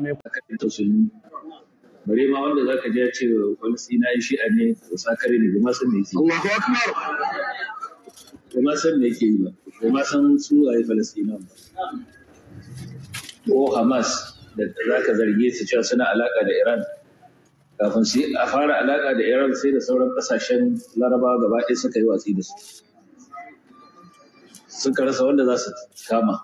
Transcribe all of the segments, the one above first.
komai ka kai musulmi bare ma wanda za ka je ce wani sina yi shi'a ne to sakare ne bai ma san me yake Allahu akbar bai ma san me yake yi ba bai ma san su waye Falastina ba ko Hamas da ka zarge su cewa suna alaka da Iran kafin su a fara alaka da Iran sai da sauran kasashen Larabawa gaba ɗaya suka yi watsi da su suka rasa wanda za su kama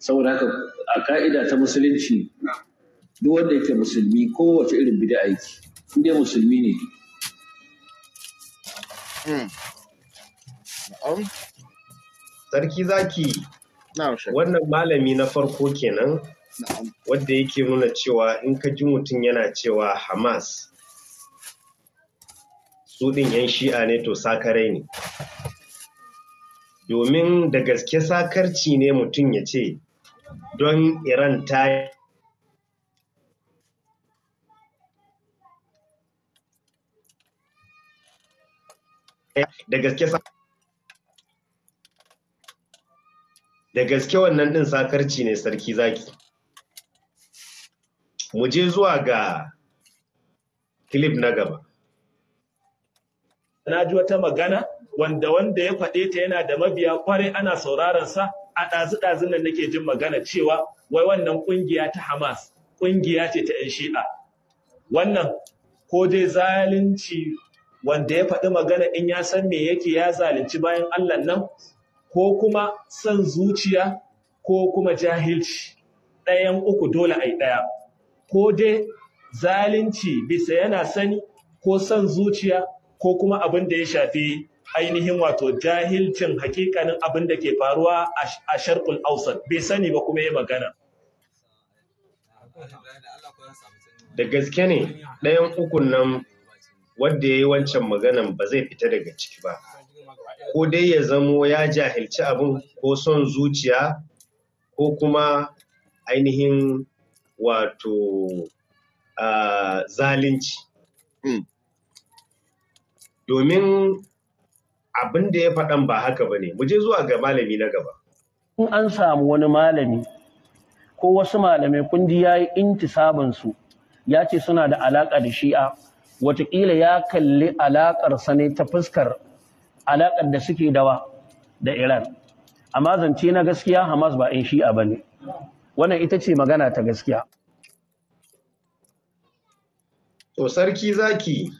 saboda haka a ka'ida ta musulunci duk wanda yake musulmi kowace irin bid'a yake in dai musulmi ne hmm. sarki zaki wannan malami na farko kenan wadda yake nuna cewa in ka ji mutum yana cewa hamas su ɗin 'yan shi'a ne to sakarai ne domin da gaske sakarci ne mutum ya ce don Iran ta da gaske da gaske wannan din sakarci ne sarki zaki mu je zuwa ga clip na gaba na ji wata magana wanda wanda ya faɗe ta yana da mabiya kwarai ana sauraron sa a ɗazu-ɗazun nan nake jin magana cewa wai wannan ƙungiya ta Hamas ƙungiya ce ta 'yan shi'a. Wannan ko dai zalunci wanda ya faɗi magana in ya san me yake ya zalunci bayan Allah nan ko kuma son zuciya ko kuma jahilci ɗayan uku dole a yi ɗaya. Ko dai zalunci bisa yana sani ko son zuciya ko kuma abin da ya shafi ainihin wato jahilcin hakikanin abin da ke faruwa a sharkul ausat bai sani ba kuma ya magana da gaske ne ɗayan ukun nan wadda ya yi wancan maganan ba zai fita daga ciki ba ko dai ya zamo ya jahilci abin ko son zuciya ko kuma ainihin wato ah, zalunci hmm. domin abin da ya faɗan ba haka ba ne mu je zuwa ga malami na gaba in an samu wani malami ko wasu malamai kundi ya yi sabonsu, ya ce suna da alaƙa da shi'a watakila ya kalli sa ne ta fuskar alaƙar da suke dawa da iran amma zance na gaskiya hamas ba in shi'a ba ne wannan ita ce magana ta gaskiya to sarki zaki